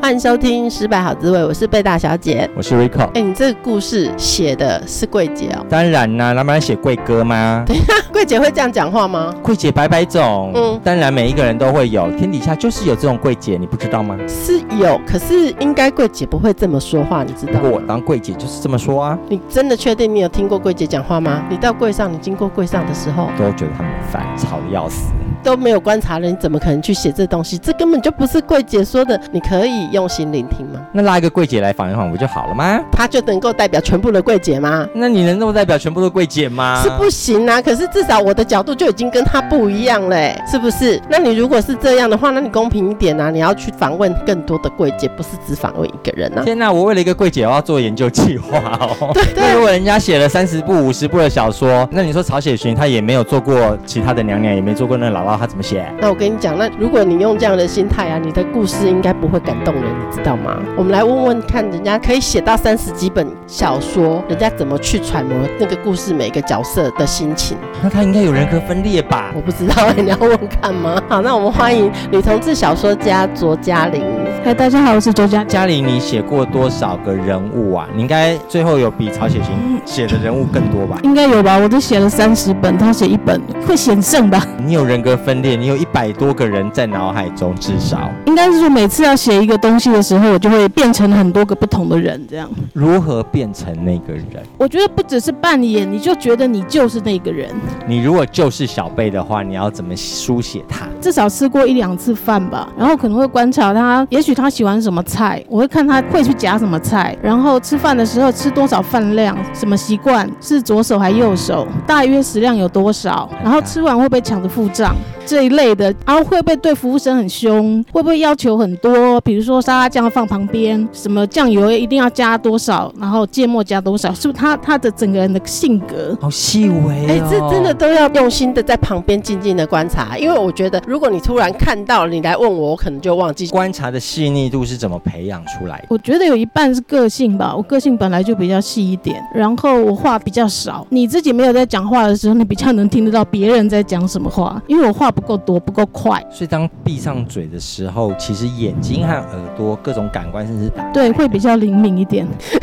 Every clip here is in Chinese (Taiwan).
歡迎收聽《失敗好滋味》，我是貝大小姐，我是 Rico。哎、欸，你這個故事寫的是櫃姐哦、喔？當然啦、啊，不然寫櫃哥嗎？對、啊，櫃姐會這樣講話嗎？櫃姐百百種，嗯，當然每一個人都會有，天底下就是有這種櫃姐，你不知道嗎？是有，可是應該櫃姐不會這麼說話，你知道嗎？我當櫃姐就是這麼說啊。你真的確定你有聽過櫃姐講話嗎？你到櫃上，你經過櫃上的時候，都覺得他們煩，吵得要死。都沒有觀察了，你怎麼可能去寫這東西？這根本就不是櫃姐說的，你可以用心聆聽嗎？那拉一個櫃姐來訪一訪不就好了嗎？她就能夠代表全部的櫃姐嗎？那你能夠代表全部的櫃姐嗎？是不行啊，可是至少我的角度就已經跟她不一樣了，是不是？那你如果是這樣的話，那你公平一點啊，你要去訪問更多的櫃姐，不是只訪問一個人啊？天哪、啊，我為了一個櫃姐我要做研究計劃哦。對， 如果人家寫了三十部、五十部的小說，那你說曹雪芹他也沒有做過其他的娘娘，嗯、也沒做過那老。嗯他怎麼寫？那我跟你講，那如果你用這樣的心態啊，你的故事應該不會感動人，你知道嗎？我們來問問看，人家可以寫到三十幾本小說，人家怎麼去揣摩那個故事每個角色的心情？那他應該有人格分裂吧？我不知道哎，你要問看嗎？好，那我們歡迎女同志小說家卓嘉琳。嗨，hey，大家好，我是卓嘉嘉琳。你寫過多少個人物啊？你應該最後有比曹雪芹寫的人物更多吧？應該有吧？我都寫了三十本，他寫一本，會險勝吧？你有人格分裂？分裂，你有一百多個人在腦海中，至少應該是說，每次要寫一個東西的時候，我就會變成很多個不同的人，這樣如何變成那個人？我覺得不只是扮演，你就覺得你就是那個人。你如果就是小貝的話，你要怎麼書寫他？至少吃過一兩次飯吧，然後可能會觀察他，也許他喜歡什麼菜，我會看他會去夾什麼菜，然後吃飯的時候吃多少飯量，什麼習慣是左手還右手，大約食量有多少，然後吃完會被搶着付賬。這一類的，然後會不會對服務生很兇？會不會要求很多？比如說沙拉醬要放旁邊，什麼醬油一定要加多少，然後芥末加多少，是不是他他的整個人的性格？好細微，哦，哎、欸，這真的都要用心的在旁邊靜靜的觀察，因為我覺得如果你突然看到了你來問我，我可能就忘記。觀察的細膩度是怎麼培養出來的？我覺得有一半是個性吧，我個性本來就比較細一點，然後我話比較少。你自己沒有在講話的時候，你比較能聽得到別人在講什麼話，因為我話。話不夠多，不夠快，所以當閉上嘴的時候，其實眼睛和耳朵各種感官甚至打對會比較靈敏一點。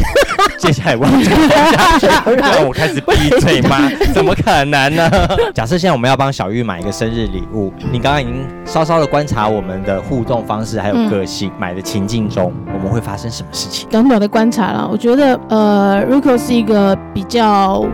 接下來我，要下 我開始閉嘴嗎？ 怎麼可能呢？ 假設現在我們要幫小玉買一個生日禮物，你剛剛已經稍稍的觀察我們的互動方式還有個性，嗯，買的情境中我們會發生什麼事情？剛剛的在觀察了，我覺得呃，Rico 是一個比較。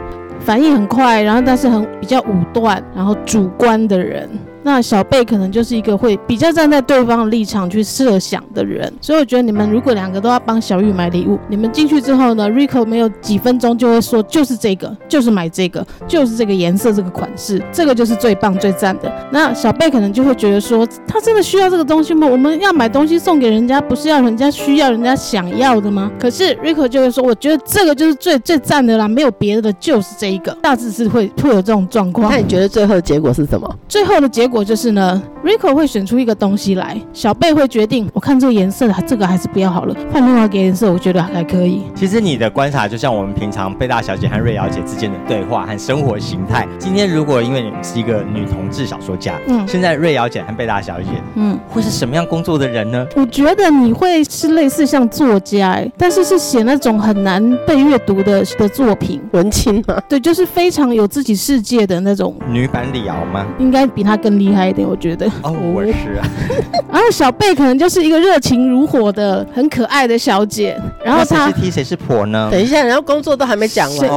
反應很快，然後但是很比較武斷，然後主觀的人。那小貝可能就是一個會比較站在對方的立場去設想的人，所以我覺得你們如果兩個都要幫小玉買禮物，你們進去之後呢，Rico 沒有幾分鐘就會說，就是這個，就是買這個，就是這個顏色，這個款式，這個就是最棒最讚的。那小貝可能就會覺得說，他真的需要這個東西嗎？我們要買東西送給人家，不是要人家需要、人家想要的嗎？可是 Rico 就會說，我覺得這個就是最最讚的啦，沒有別的，就是這一個。大致是會會有這種狀況。那你覺得最後的結果是什麼？最後的結果。如果就是呢，Rico 會選出一個東西來，小貝會決定。我看這個顏色，這個還是不要好了，換另外一個顏色，我覺得還可以。其實你的觀察就像我們平常貝大小姐和瑞瑤姐之間的對話和生活形態。今天如果因為你是一個女同志小說家，嗯，現在瑞瑤姐和貝大小姐，嗯，會是什麼樣工作的人呢？我覺得你會是類似像作家、欸，但是是寫那種很難被閱讀的的作品，文青，對，就是非常有自己世界的那種女版李敖嗎？應該比她更。厲害一點，我覺得哦，oh, 我是、啊。 然後小貝可能就是一個熱情如火的、很可愛的小姐。然後她、啊、誰是 T、誰是婆呢？等一下，然後工作都還沒講完。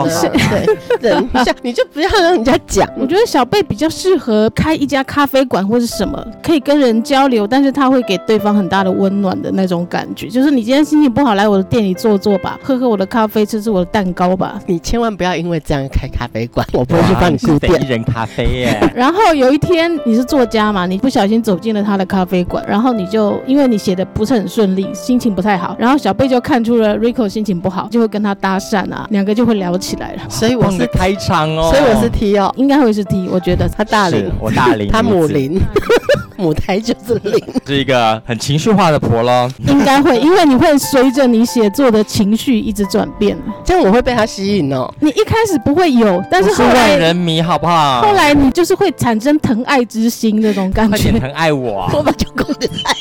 等一下，你就不要讓人家講。 我覺得小貝比較適合開一家咖啡館或是什麼，可以跟人交流，但是他會給對方很大的溫暖的那種感覺。就是你今天心情不好，來我的店裡坐坐吧，喝喝我的咖啡，吃吃我的蛋糕吧。你千萬不要因為這樣開咖啡館，我不會去幫你顧店，一人咖啡耶。 然後有一天你。是作家嘛，你不小心走進了他的咖啡館，然後你就因為你寫的不是很順利，心情不太好，然後小貝就看出了 Rico 心情不好，就會跟他搭訕啊，兩個就會聊起來了。所以我是開場哦，所以我是 T 哦，應該會是 T，我覺得他大齡，我大齡， 他母齡 母胎就是零是一個很情緒化的婆咯，應該會，因為你會隨着你寫作的情緒一直轉變。 這樣我會被他吸引哦、喔，你一開始不會有，但是後來是萬人迷，好不好？後來你就是會產生疼愛之心這種感覺，而且疼愛我、啊，我們就疼愛。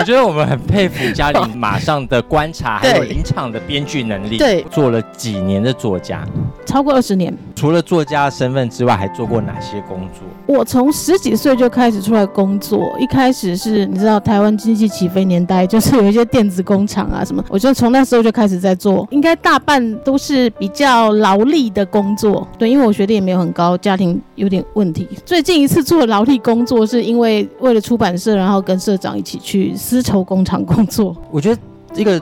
我覺得我們很佩服嘉琳馬上的觀察，還有臨 場的編劇能力。對，做了幾年的作家，超過二十年。除了作家身份之外，還做過哪些工作？我從十幾歲就開始出來工作。一開始是，你知道台灣經濟起飛年代，就是有一些電子工廠啊什麼，我就從那時候就開始在做，應該大半都是比較勞力的工作。對，因為我學歷也沒有很高，家庭有點問題。最近一次做勞力工作，是因為為了出版社，然後跟社長一起去絲綢工廠工作。我覺得一個。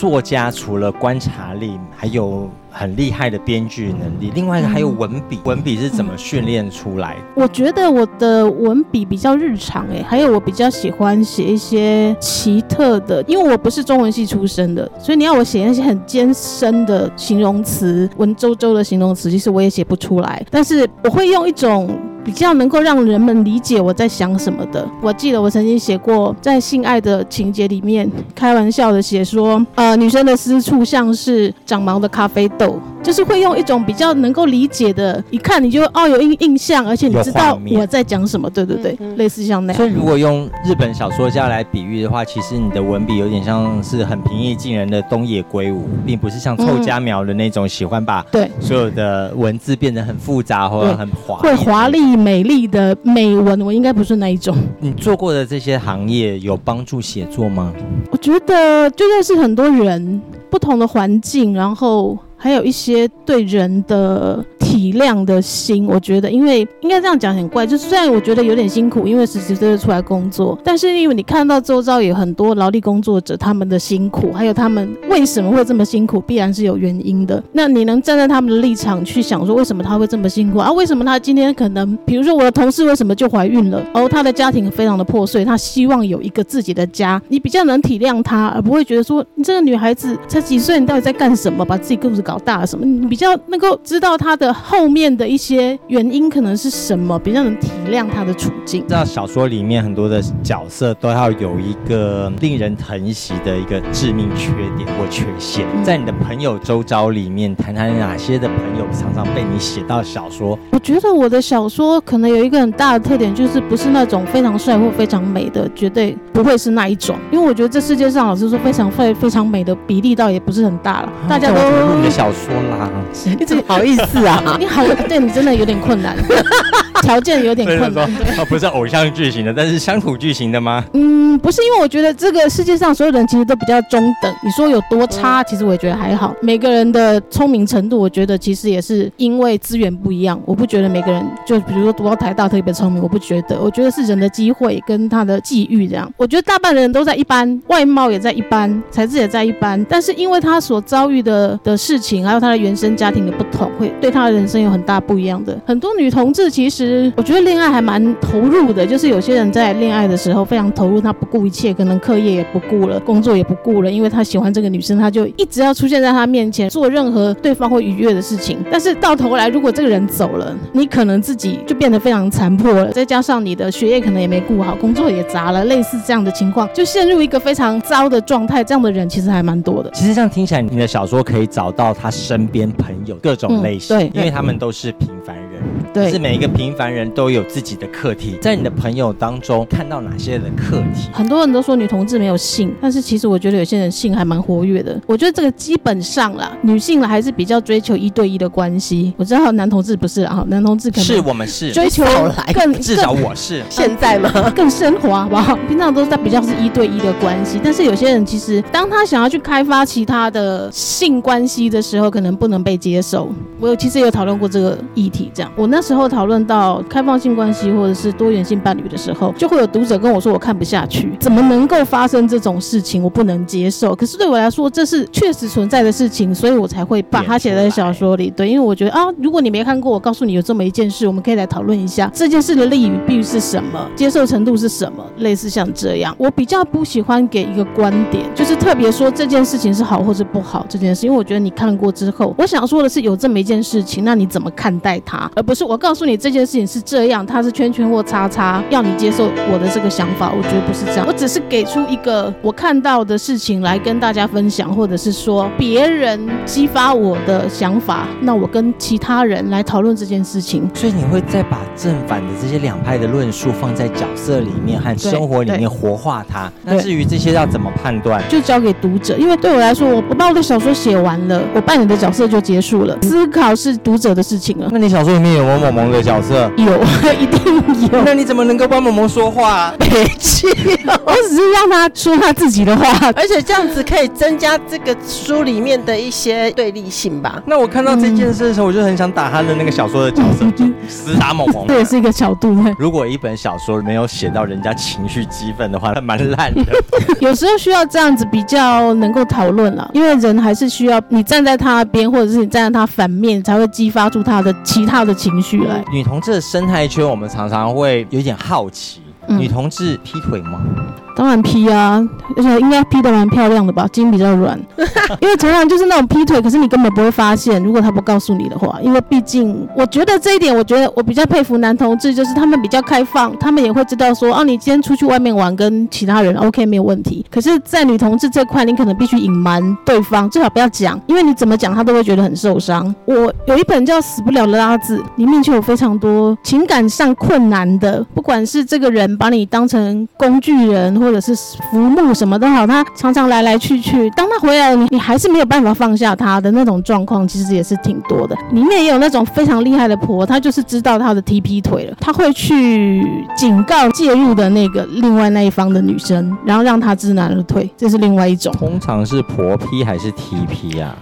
作家除了觀察力，還有很厲害的編劇能力，嗯、另外一個還有文筆、嗯。文筆是怎麼訓練出來？我覺得我的文筆比較日常哎、欸，還有我比較喜歡寫一些奇特的，因為我不是中文系出身的，所以你要我寫那些很艱深的形容詞、文縐縐的形容詞，其實我也寫不出來。但是我會用一種。比較能夠讓人們理解我在想什麼的。我記得我曾經寫過，在性愛的情節裡面，開玩笑的寫說，呃，女生的私處像是長毛的咖啡豆。就是會用一種比較能夠理解的，一看你就哦，有印印象，而且你知道我在講什麼，對對對，嗯嗯，類似像那樣。所以，如果用日本小說家來比喻的話，其實你的文筆有點像是很平易近人的東野圭吾，並不是像湊佳苗的那種喜歡把，嗯、對所有的文字變得很複雜或者很華，會華麗美麗的美文，我應該不是那一種。你做過的這些行業有幫助寫作嗎？我覺得，就認識很多人，不同的環境，然後。還有一些對人的體諒的心，我覺得，因為應該這樣講很怪，就是雖然我覺得有點辛苦，因為十幾歲就出來工作，但是因為你看到周遭有很多勞力工作者，他們的辛苦，還有他們為什麼會這麼辛苦，必然是有原因的。那你能站在他們的立場去想，說為什麼他會這麼辛苦啊？為什麼他今天可能，比如說我的同事為什麼就懷孕了？哦，他的家庭非常的破碎，他希望有一個自己的家，你比較能體諒他，而不會覺得說你這個女孩子才幾歲，你到底在幹什麼，把自己肚子。老大什麼？你比較能夠知道他的後面的一些原因可能是什麼？比較能體諒他的處境。知道小說裡面很多的角色都要有一個令人疼惜的一個致命缺點或缺陷。嗯、在你的朋友周遭裡面，談談哪些的朋友常常被你寫到小說？我覺得我的小說可能有一個很大的特點，就是不是那種非常帥或非常美的，絕對不會是那一種。因為我覺得這世界上老實說，非常帥、非常美的比例倒也不是很大了、哦，大家都。哦那我小說啦，你怎麼好意思啊？ 你好，對，你真的有點困難。 條 件有點困難，他他不是偶像劇型的，但是鄉土劇型的嗎？ 嗯，不是，因為我覺得這個世界上所有人其實都比較中等。你說有多差，其實我也覺得還好。每個人的聰明程度，我覺得其實也是因為資源不一樣。我不覺得每個人就比如說讀到台大特別聰明，我不覺得。我覺得是人的機會跟他的際遇這樣。我覺得大半的人都在一般，外貌也在一般，才智也在一般。但是因為他所遭遇的的事情，還有他的原生家庭的不同，會對他的人生有很大不一樣的。很多女同志其實。其實我覺得戀愛還蠻投入的，就是有些人在戀愛的時候非常投入，他不顧一切，可能課業也不顧了，工作也不顧了，因為他喜歡這個女生，他就一直要出現在他面前，做任何對方會愉悅的事情。但是到頭來，如果這個人走了，你可能自己就變得非常殘破了，再加上你的學業可能也沒顧好，工作也砸了，類似這樣的情況，就陷入一個非常糟的狀態。這樣的人其實還蠻多的。其實像聽起來，你的小說可以找到他身邊朋友各種類型，嗯，對，因為他們都是平凡人。嗯對，就是每一個平凡人都有自己的課題，嗯。在你的朋友當中，看到哪些的課題？很多人都說女同志沒有性，但是其實我覺得有些人性還蠻活躍的。我覺得這個基本上啦，女性呢還是比較追求一對一的關係。我知道有男同志不是啊，男同志可能是我們是追求更，少更，更至少我是現在嗎？更升華吧，平常都是在比較是一對一的關係。但是有些人其實當他想要去開發其他的性關係的時候，可能不能被接受。我有其實也有討論過這個議題，這樣。我那時候討論到開放性關係或者是多元性伴侶的時候，就會有讀者跟我說：“我看不下去，怎麼能夠發生這種事情？我不能接受。”可是對我來說，這是確實存在的事情，所以我才會把它寫在小說裡。對，因為我覺得啊，如果你沒看過，我告訴你有這麼一件事，我們可以來討論一下這件事的利與弊是什麼，接受程度是什麼，類似像這樣。我比較不喜歡給一個觀點，就是特別說這件事情是好或是不好。這件事，因為我覺得你看過之後，我想說的是有這麼一件事情，那你怎麼看待它？不是，我告訴你這件事情是這樣，它是圈圈或叉叉，要你接受我的這個想法。我覺得不是這樣，我只是給出一個我看到的事情來跟大家分享，或者是說別人激發我的想法，那我跟其他人來討論這件事情。所以你會再把正反的這些兩派的論述放在角色裡面和生活裡面活化它。那至於這些要怎麼判斷，就交給讀者。因為對我來說，我把我的小說寫完了，我扮演的角色就結束了，思考是讀者的事情了。那你小說。面有某某某的角色，有啊，一定有。那你怎麼能夠幫某某說話、啊？沒氣，我只是讓他說他自己的話， 而且這樣子可以增加這個書裡面的一些對立性吧。那我看到這件事的時候，嗯、我就很想打他的那個小說的角色，死 打某某。這也是一個角度。如果一本小說沒有寫到人家情緒激憤的話，那蠻爛的。 有時候需要這樣子比較能夠討論了，因為人還是需要你站在他的邊，或者是你站在他反面，才會激發出他的其他的。情緒來。嗯，女同志的生態圈，我們常常會有點好奇，女同志劈腿嗎？當然劈啊，而且應該劈得蠻漂亮的吧，筋比較軟。 因為同樣就是那種劈腿，可是你根本不會發現，如果他不告訴你的話。因為畢竟我覺得這一點，我覺得我比較佩服男同志，就是他們比較開放，他們也會知道說，啊，你今天出去外面玩跟其他人，OK，沒有問題。可是，在女同志這塊，你可能必須隱瞞對方，最好不要講，因為你怎麼講，他都會覺得很受傷。我有一本叫《死不了的拉子》，裡面就有非常多情感上困難的，不管是這個人把你當成工具人。或者是浮木什麼都好，他常常來來去去。當他回來了，你你還是沒有辦法放下他的那種狀況，其實也是挺多的。裡面也有那種非常厲害的婆，她就是知道他的 T 劈腿了，她會去警告介入的那個另外那一方的女生，然後讓她知難而退。這是另外一種，通常是婆劈還是 T 劈啊？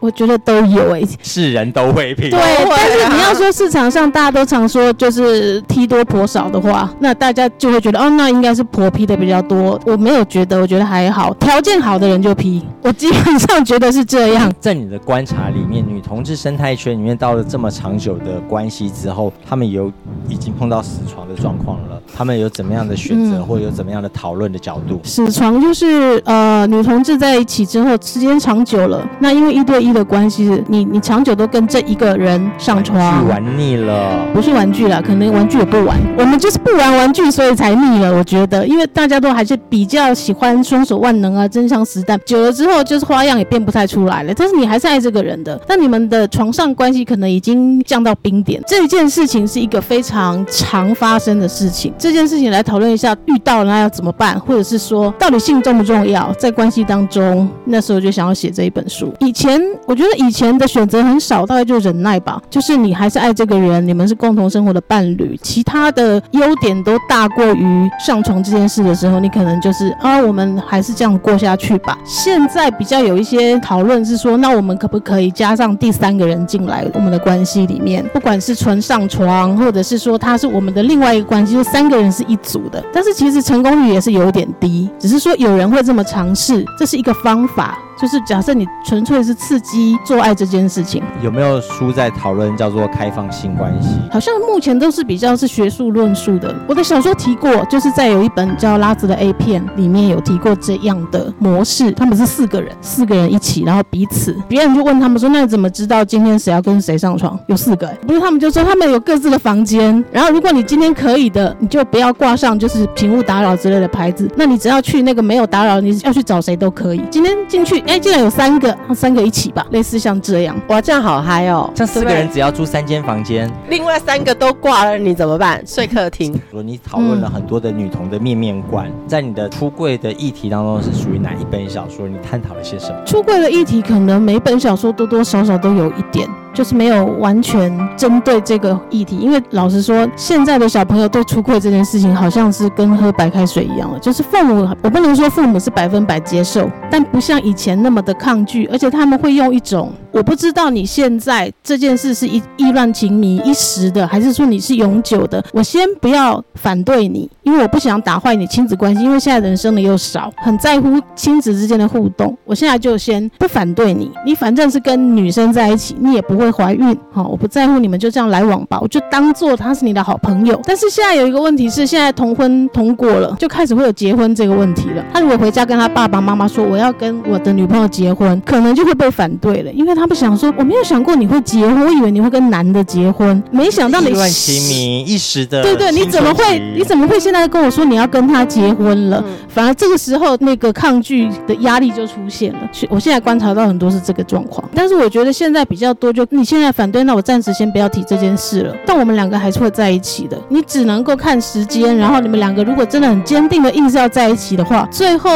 我覺得都有哎，是人都會劈。對，但是你要說市場上大家都常說就是“踢多婆少”的話，那大家就會覺得哦，那應該是婆劈的比較多。我沒有覺得，我覺得還好，條件好的人就劈。我基本上覺得是這樣。在你的觀察裡面，女同志生態圈裡面，到了這麼長久的關係之後，他們有已經碰到死床的狀況了。他們有怎麼樣的選擇、嗯，或有怎麼樣的討論的角度？死床就是呃，女同志在一起之後，時間長久了，那因為一對一的關係，你你長久都跟這一個人上床、啊，玩具玩膩了，不是玩具啦，可能玩具也不玩， 我們就是不玩玩具，所以才膩了。我覺得，因為大家都還是比較喜歡雙手萬能啊，真槍實彈，久了之後就是花樣也變不太出來了。但是你還是愛這個人的，那你們的床上關係可能已經降到冰點。這一件事情是一個非常常發生的事情。這件事情來討論一下，遇到了那要怎麼辦，或者是說到底性重不重要？在關係當中，那時候就想要寫這一本書。以前我覺得以前的選擇很少，大概就忍耐吧。就是你還是愛這個人，你們是共同生活的伴侶，其他的優點都大過於上床這件事的時候，你可能就是啊，我們還是這樣過下去吧。現在比較有一些討論是說，那我們可不可以加上第三個人進來我們的關係裡面？不管是純上床，或者是說他是我們的另外一個關係，就是、三個。人是一組的，但是其實成功率也是有點低，只是說有人會這麼嘗試，這是一個方法。就是假設你純粹是刺激做愛這件事情，有沒有書在討論叫做開放性關係？好像目前都是比較是學術論述的。我的小說提過，就是在有一本叫《拉子的 A 片》裡面有提過這樣的模式。他們是四個人，四個人一起，然後彼此別人就問他們說：“那你怎麼知道今天誰要跟誰上床？”有四個，不是他們就說他們有各自的房間，然後如果你今天可以的，你就。就不要掛上就是請勿打擾之類的牌子。那你只要去那個沒有打擾，你要去找誰都可以。今天進去，哎、欸，竟然有三個，那三個一起吧，類似像這樣。哇，這樣好嗨哦！像四個人只要住三間房間，另外三個都掛了，你怎麼辦？睡客廳、嗯。說你討論了很多的女同的面面觀，在你的出櫃的議題當中是屬於哪一本小說？你探討了些什麼？出櫃的議題可能每本小說多多少少都有一點，就是沒有完全針對這個議題。因為老實說，現在的小朋友對出櫃這件事情好像是跟喝白開水一樣的，就是父母，我不能說父母是百分百接受，但不像以前那麼的抗拒，而且他們會用一種。我不知道你現在這件事是意亂情迷，一時的，還是說你是永久的？我先不要反對你，因為我不想打壞你親子關係，因為現在人生的又少，很在乎親子之間的互動。我現在就先不反對你，你反正是跟女生在一起，你也不會懷孕，好、哦，我不在乎你們就這樣來往吧，我就當做他是你的好朋友。但是現在有一個問題是，現在同婚通過了，就開始會有結婚這個問題了。他如果回家跟他爸爸媽媽說我要跟我的女朋友結婚，可能就會被反對了，因為。他們想說，我沒有想過你會結婚，我以為你會跟男的結婚，沒想到你亂其迷一,一時的。對對，你怎麼會？你怎麼會現在跟我說你要跟他結婚了？嗯、反而這個時候那個抗拒的壓力就出現了。我現在觀察到很多是這個狀況，但是我覺得現在比較多就，就你現在反對，那我暫時先不要提這件事了。但我們兩個還是會在一起的。你只能夠看時間，然後你們兩個如果真的很堅定的硬是要在一起的話，最後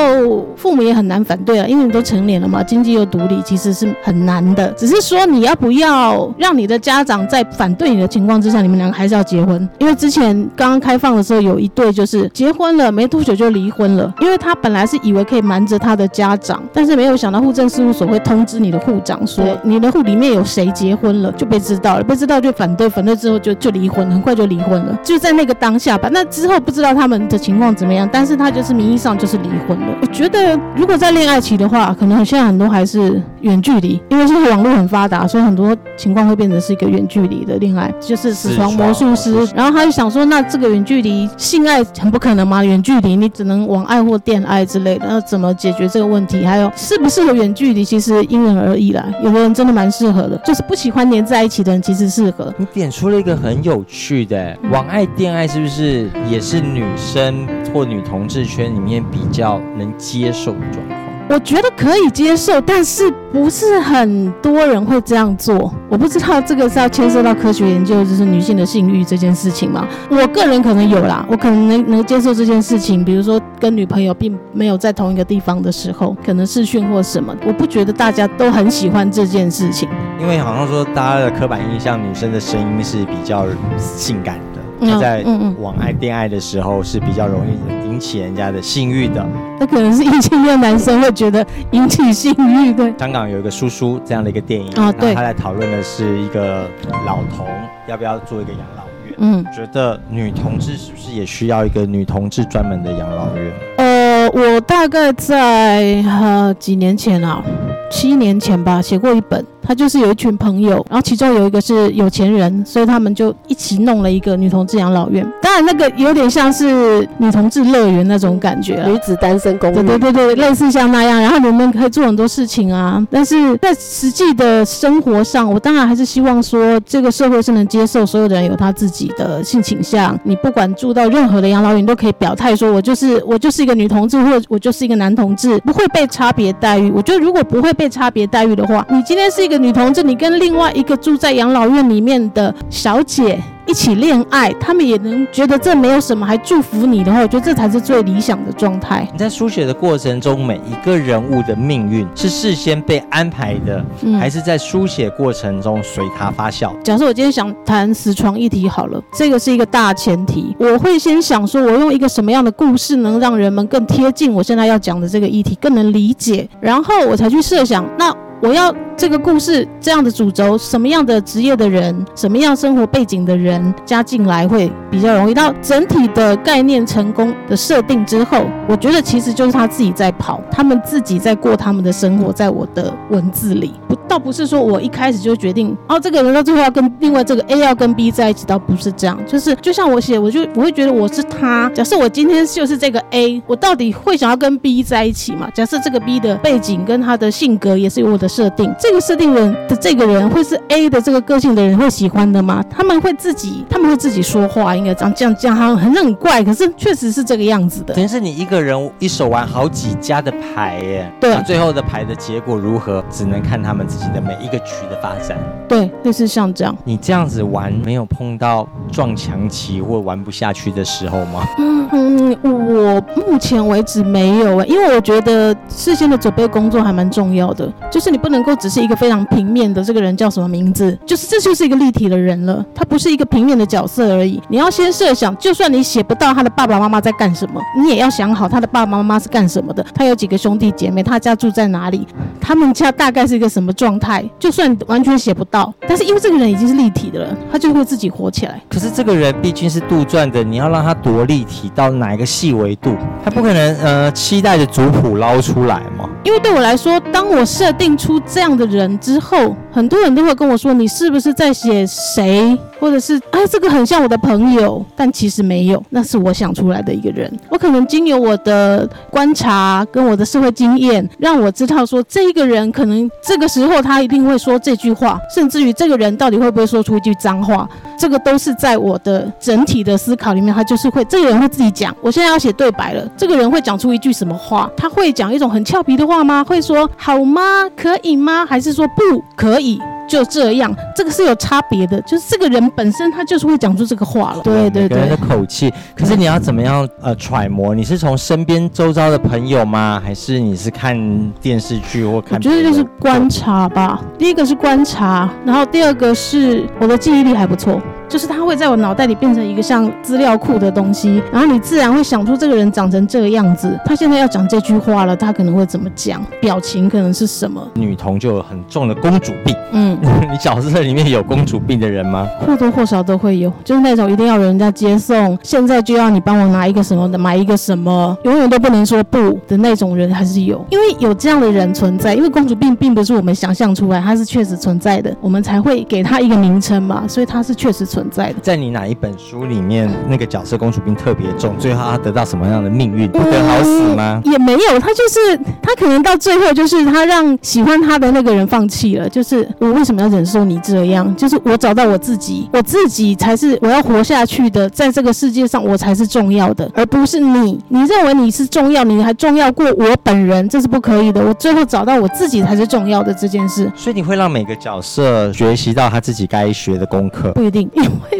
父母也很難反對了、啊，因為你都成年了嘛，經濟又獨立，其實是很難的。的，只是說你要不要讓你的家長在反對你的情況之下，你們兩個還是要結婚，因為之前剛剛開放的時候，有一對就是結婚了沒多久就離婚了，因為他本來是以為可以瞞着他的家長，但是沒有想到戶政事務所會通知你的戶長說你的戶裡面有誰結婚了就被知道了，被知道就反對，反對之後就就離婚，很快就離婚了，就在那個當下吧。那之後不知道他們的情況怎麼樣，但是他就是名義上就是離婚了。我覺得如果在戀愛期的話，可能現在很多還是遠距離，因為現在。網絡很發達，所以很多情況會變成是一個遠距離的戀愛，就是“死床魔術師”。然後他就想說：“那這個遠距離性愛很不可能嗎？遠距離你只能網愛或電愛之類的，那怎麼解決這個問題？還有適不適合遠距離，其實因人而異啦。有的人真的蠻適合的，就是不喜歡黏在一起的人，其實適合。”你點出了一個很有趣的、嗯、網愛、電愛，是不是也是女生或女同志圈裡面比較能接受的狀況？我覺得可以接受，但是不是很多人會這樣做？我不知道這個是要牽涉到科學研究，就是女性的性欲這件事情嗎？我個人可能有啦，我可能能能接受這件事情。比如說跟女朋友並沒有在同一個地方的時候，可能視訊或什麼，我不覺得大家都很喜歡這件事情。因為好像說大家的刻板印象，女生的聲音是比較性感。就在嗯嗯網愛戀愛的時候是比較容易引起人家的性欲的，那、嗯嗯、可能是異性戀男生會覺得引起性欲對。香港有一個叔叔這樣的一個電影啊，對，他來討論的是一個老同要不要做一個養老院，嗯，覺得女同志是不是也需要一個女同志專門的養老院？呃，我大概在呃幾年前啊、哦，七年前吧，寫過一本。他就是有一群朋友，然後其中有一個是有錢人，所以他們就一起弄了一個女同志養老院。當然，那個有點像是女同志樂園那種感覺啊，女子單身公寓。對對對，類似像那樣。然後你們可以做很多事情啊。但是在實際的生活上，我當然還是希望說，這個社會是能接受所有的人有他自己的性傾向。你不管住到任何的養老院，你都可以表態說，我就是我就是一個女同志，或者我就是一個男同志，不會被差別待遇。我覺得如果不會被差別待遇的話，你今天是一個。個女同志，你跟另外一個住在養老院裡面的小姐一起戀愛，他們也能覺得這沒有什麼，還祝福你的話，我覺得這才是最理想的狀態。你在書寫的過程中，每一個人物的命運是事先被安排的，嗯，還是在書寫過程中隨它發酵？假設我今天想談“死床”議題好了，這個是一個大前提，我會先想說我用一個什麼樣的故事能讓人們更貼近我現在要講的這個議題，更能理解，然後我才去設想那。我要這個故事這樣的主軸，什麼樣的職業的人，什麼樣生活背景的人加進來會比較容易。到整體的概念成功的設定之後，我覺得其實就是他自己在跑，他們自己在過他們的生活，在我的文字裡。不，倒不是說我一開始就決定哦，這個人到最後要跟另外這個 A 要跟 B 在一起，倒不是這樣，就是就像我寫，我就我會覺得我是他。假設我今天就是這個 A，我到底會想要跟 B 在一起嗎？假設這個 B 的背景跟他的性格也是有我的。設定這個設定人的這個人會是 A 的這個個性的人會喜歡的嗎？他們會自己他們會自己說話，應該這樣這樣這樣，好像很很怪，可是確實是這個樣子的。可是你一個人一手玩好幾家的牌耶。對，最後的牌的結果如何，只能看他們自己的每一個局的發展。對，類似像這樣。你這樣子玩沒有碰到撞牆期或玩不下去的時候嗎？嗯嗯，我目前為止沒有啊，因為我覺得事先的準備工作還蠻重要的，就是你。不能夠只是一個非常平面的這個人叫什麼名字，就是這就是一個立體的人了。他不是一個平面的角色而已。你要先設想，就算你寫不到他的爸爸媽媽在幹什麼，你也要想好他的爸爸媽媽是幹什麼的，他有幾個兄弟姐妹，他家住在哪裡，他們家大概是一個什麼狀態。就算完全寫不到，但是因為這個人已經是立體的了，他就會自己活起來。可是這個人畢竟是杜撰的，你要讓他多立體到哪一個細維度？他不可能呃期待着族譜撈出來嘛。因為對我來說，當我設定出這樣的人之後，很多人都會跟我說：“你是不是在寫誰？”或者是啊，這個很像我的朋友，但其實沒有，那是我想出來的一個人。我可能經由我的觀察跟我的社會經驗，讓我知道說，這個人可能這個時候他一定會說這句話，甚至於這個人到底會不會說出一句髒話，這個都是在我的整體的思考裡面，他就是會。這個人會自己講，我現在要寫對白了，這個人會講出一句什麼話？他會講一種很俏皮的話嗎？會說好嗎？可以嗎？還是說不可以？就這樣，這個是有差別的，就是這個人本身他就是會講出這個話了。對對對，每個人的口氣。可是你要怎麼樣呃揣摩？你是從身邊周遭的朋友嗎？還是你是看電視劇或看？我覺得就是觀察，觀察吧。第一個是觀察，然後第二個是我的記憶力還不錯。就是他會在我腦袋裡變成一個像資料庫的東西，然後你自然會想出這個人長成這個樣子，他現在要講這句話了，他可能會怎麼講，表情可能是什麼。女同就有很重的公主病。嗯， 你小時候裡面有公主病的人嗎？或多，多或少都會有，就是那種一定要人家接送，現在就要你幫我拿一個什麼的，買一個什麼，永遠都不能說不的那種人還是有。因為有這樣的人存在，因為公主病並不是我們想象出來，它是確實存在的，我們才會給它一個名稱嘛，所以它是確實存在在，你哪一本書裡面，那個角色公主病特別重，最後他得到什麼樣的命運？不得好死嗎？嗯，也沒有，他就是他，可能到最後就是他讓喜歡他的那個人放棄了。就是我為什麼要忍受你這樣？就是我找到我自己，我自己才是我要活下去的，在這個世界上我才是重要的，而不是你。你認為你是重要，你還重要過我本人，這是不可以的。我最後找到我自己才是重要的這件事。所以你會讓每個角色學習到他自己該學的功課？不一定。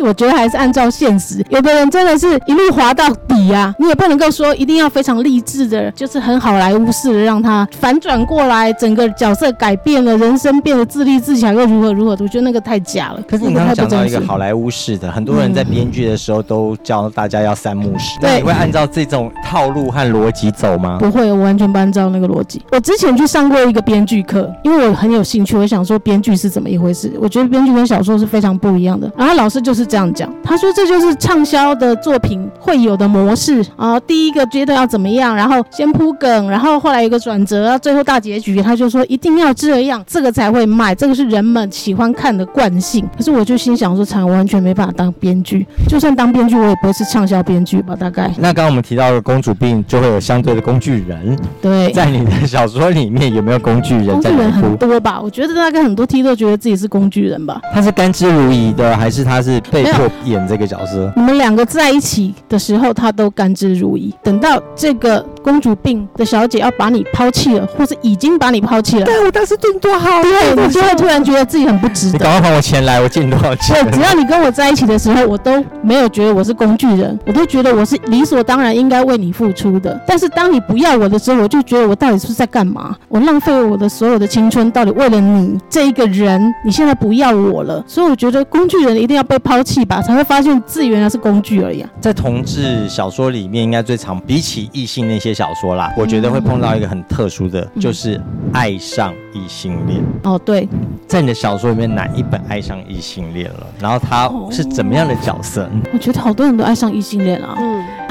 我覺得還是按照現實，有的人真的是一路滑到底啊，你也不能夠說一定要非常勵志的，就是很好萊塢式的讓他反轉過來，整個角色改變了，人生變得自立自強又如何如何？我覺得那個太假了。可是不太不你剛剛講到一個好萊塢式的，很多人在編劇的時候都教大家要三幕式，嗯，你會按照這種套路和邏輯走嗎？不會，我完全不按照那個邏輯。我之前去上過一個編劇課，因為我很有興趣，我想說編劇是怎麼一回事？我覺得編劇跟小說是非常不一樣的。然後老師這就是這樣講，他說，這就是暢銷的作品會有的模式啊。第一個階段要怎麼樣，然後先鋪梗，然後後來有個轉折，然後最後大結局。他就說一定要這樣，這個才會賣，這個是人們喜歡看的慣性。可是我就心想說，慘，完全沒辦法當編劇。就算當編劇，我也不會是暢銷編劇吧？大概。那剛剛我們提到的公主病，就會有相對的工具人。對。在你的小說裡面有沒有工具人？工具人很多吧？我覺得大概很多 T 都覺得自己是工具人吧。他是甘之如飴的，還是他是？但是被迫演這個角色。你們兩個在一起的時候，他都甘之如飴。等到這個公主病的小姐要把你拋棄了，或是已經把你拋棄了。對我當時對你多好，對不對？我你就會突然覺得自己很不值得。你趕快還我錢來，我借你多少錢？對，只要你跟我在一起的時候，我都沒有覺得我是工具人，我都覺得我是理所當然應該為你付出的。但是當你不要我的時候，我就覺得我到底是在幹嘛？我浪費我的所有的青春，到底為了你這一個人？你現在不要我了，所以我覺得工具人一定要。被拋棄吧，才會發現自己原來是工具而已啊。在同志小說裡面，應該最常比起異性那些小說啦，嗯、我覺得會碰到一個很特殊的，嗯、就是愛上異性戀。哦，對，在你的小說裡面，哪一本愛上異性戀了？然後他是怎麼樣的角色？哦、我覺得好多人都愛上異性戀啊。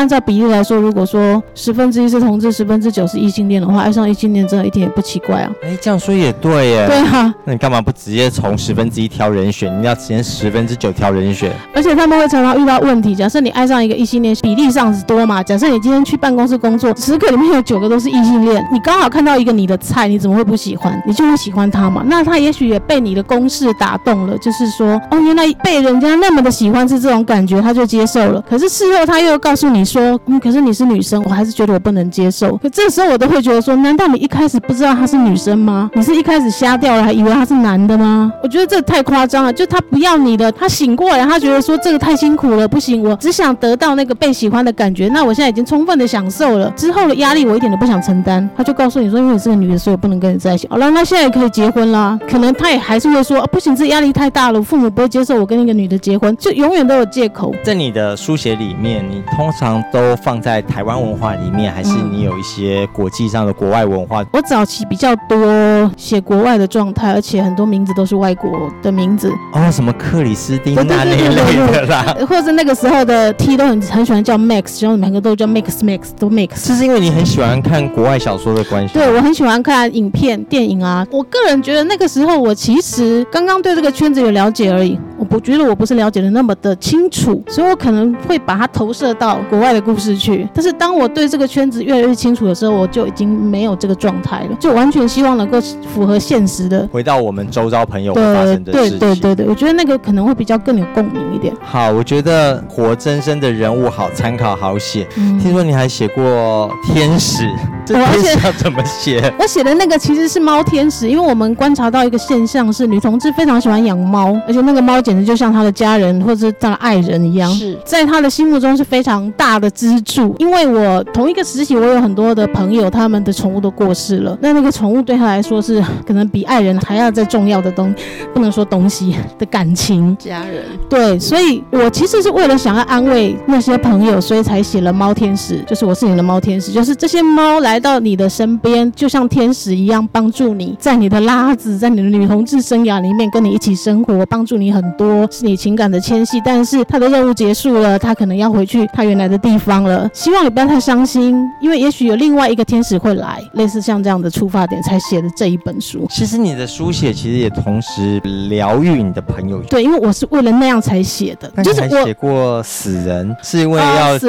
按照比例來說，如果說十分之一是同志，十分之九是異性戀的話，愛上異性戀真的一點也不奇怪啊。哎、欸，這樣說也對耶。對啊，那你幹嘛不直接從十分之一挑人選？你要直接十分之九挑人選。而且他們會常常遇到問題。假設你愛上一個異性戀，比例上是多嘛？假設你今天去辦公室工作，十個裡面有九個都是異性戀，你剛好看到一個你的菜，你怎麼會不喜歡？你就會喜歡他嘛。那他也許也被你的攻勢打動了，就是說，哦，原來被人家那麼的喜歡是這種感覺，他就接受了。可是事後他又告訴你。說、嗯，可是你是女生，我還是覺得我不能接受。可這個時候我都會覺得說，難道你一開始不知道她是女生嗎？你是一開始瞎掉了，還以為她是男的嗎？我覺得這個太誇張了。就他不要你了，他醒過來，他覺得說這個太辛苦了，不行，我只想得到那個被喜歡的感覺。那我現在已經充分的享受了，之後的壓力我一點都不想承擔。他就告訴你說，因為你是個女的，所以我不能跟你在一起。好了，那現在也可以結婚啦。可能他也還是會說，哦、不行，這個壓力太大了，父母不會接受我跟那個女的結婚，就永遠都有借口。在你的書寫裡面，你通常。都放在台灣文化裡面，還是你有一些國際上的國外文化？嗯，我早期比較多寫國外的狀態，而且很多名字都是外國的名字。哦，什麼克里斯汀那類類的啦，哦，克里斯丁那類類的啦，或者是那個時候的 T 都很 T 都很，很喜歡叫 Max，然後兩個都叫 Max，Max，Max，都 Max。這是因為你很喜歡看國外小說的關係。對，我很喜歡看影片、電影啊。我個人覺得那個時候，我其實剛剛對這個圈子有了解而已，我不覺得我不是了解的那麼的清楚，所以我可能會把它投射到國外的故事去，但是當我對這個圈子越來越清楚的時候，我就已經沒有這個狀態了，就完全希望能夠符合現實的，回到我們周遭朋友會發生的事情。對對對對，對，我覺得那個可能會比較更有共鳴一點。好，我覺得活生生的人物好參考好寫。嗯，聽說你還寫過天使。 嗯，而且我怎麼寫？我寫的那個其實是貓天使，因為我們觀察到一個現象是，女同志非常喜歡養貓，而且那個貓簡直就像她的家人或者她的愛人一樣，是在她的心目中是非常大的支柱。因為我同一個時期，我有很多的朋友，他們的寵物都過世了，那那個寵物對她來說是可能比愛人還要再重要的東，不能說東西的感情，家人。對，所以我其實是為了想要安慰那些朋友，所以才寫了貓天使，就是我是你的貓天使，就是這些貓來。到你的身邊，就像天使一樣幫助你，在你的拉子，在你的女同志生涯裡面跟你一起生活，幫助你很多，是你情感的遷徙，但是他的任務結束了，他可能要回去他原來的地方了。希望你不要太傷心，因為也許有另外一個天使會來，類似像這樣的出發點才寫的這一本書。其實你的書寫其實也同時療癒你的朋友。對，因為我是為了那樣才寫的。才寫就是我寫過死人，是因為要、哦、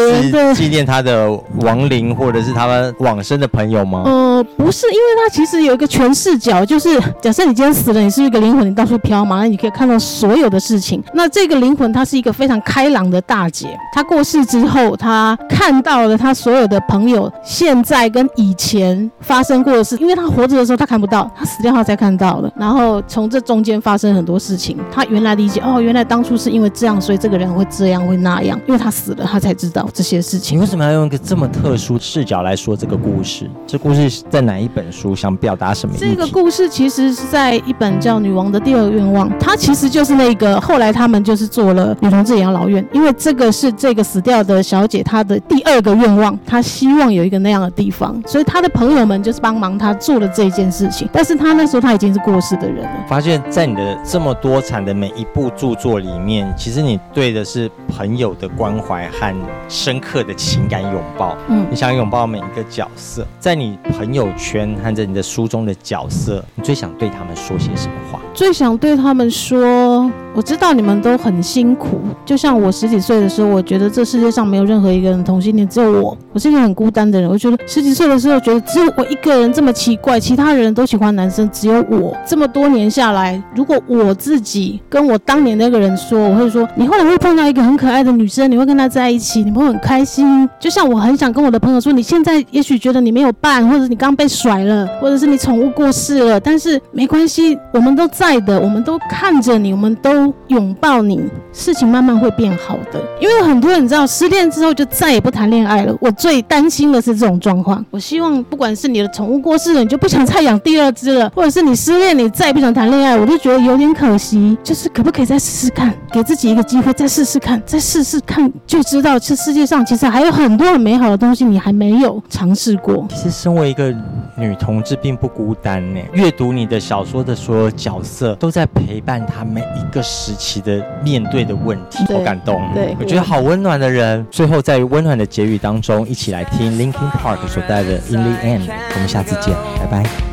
紀念他的亡靈，或者是他們往生的朋友嗎？呃，不是，因為他其實有一個全視角，就是假設你今天死了，你是，是一個靈魂，你到處飄嘛，那你可以看到所有的事情。那這個靈魂她是一個非常開朗的大姐，她過世之後，她看到了她所有的朋友現在跟以前發生過的事，因為她活着的時候她看不到，她死掉後才看到了。然後從這中間發生很多事情，她原來理解哦，原來當初是因為這樣，所以這個人會這樣會那樣，因為她死了，她才知道這些事情。你為什麼要用一個這麼特殊視角來說這個故事？是，這故事在哪一本書？想表達什麼意思？這個故事其實是在一本叫《女王的第二個願望》，它其實就是那個後來他們就是做了女同志養老院，因為這個是這個死掉的小姐她的第二個願望，她希望有一個那樣的地方，所以她的朋友們就是幫忙她做了這件事情。但是她那時候她已經是過世的人了。發現，在你的這麼多產的每一部著作裡面，其實你對的是朋友的關懷和深刻的情感擁抱。嗯，你想擁抱每一個角色。在你朋友圈，和在你的書中的角色，你最想對他們說些什麼話？最想對他們說，我知道你們都很辛苦，就像我十幾歲的時候，我覺得這世界上沒有任何一個人同性戀，只有我，我是一個很孤單的人。我覺得十幾歲的時候，覺得只有我一個人這麼奇怪，其他人都喜歡男生，只有我。這麼多年下來，如果我自己跟我當年那個人說，我會說，你後來會碰到一個很可愛的女生，你會跟她在一起，你會很開心。就像我很想跟我的朋友說，你現在也許覺得你沒有伴，或者你剛被甩了，或者是你寵物過世了，但是沒關係，我們都在。在的，我們都看着你，我們都擁抱你，事情慢慢會變好的。因為很多人知道失戀之後就再也不談戀愛了。我最擔心的是這種狀況。我希望不管是你的寵物過世了，你就不想再養第二隻了，或者是你失戀，你再也不想談戀愛，我就覺得有點可惜。就是可不可以再試試看，給自己一個機會，再試試看，再試試看，就知道這世界上其實還有很多很美好的東西，你還沒有嘗試過。其實身為一個女同志，並不孤單呢。閱讀你的小說的所有角色，都在陪伴他每一個時期的面對的問題，好感動。對、嗯、對，我覺得好溫暖的人，嗯、最後在溫暖的結語當中，一起來聽 Linkin Park 所帶的 In the End。 我們下次見， 拜拜。